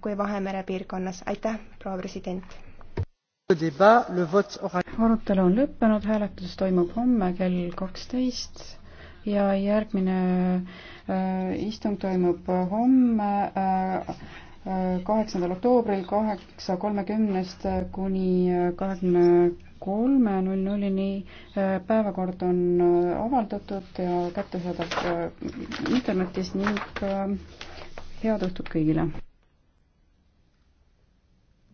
kui Vahemere piirkonnas. aitäh, proua president! arutelu on lõppenud, hääletus toimub homme kell kaksteist ja järgmine äh, istung toimub homme äh, kaheksandal oktoobril kaheksa kolmekümnest äh, kuni äh, kahekümne kolme null nullini. Äh, päevakord on avaldatud ja kättesaadav internetis ning head õhtut kõigile!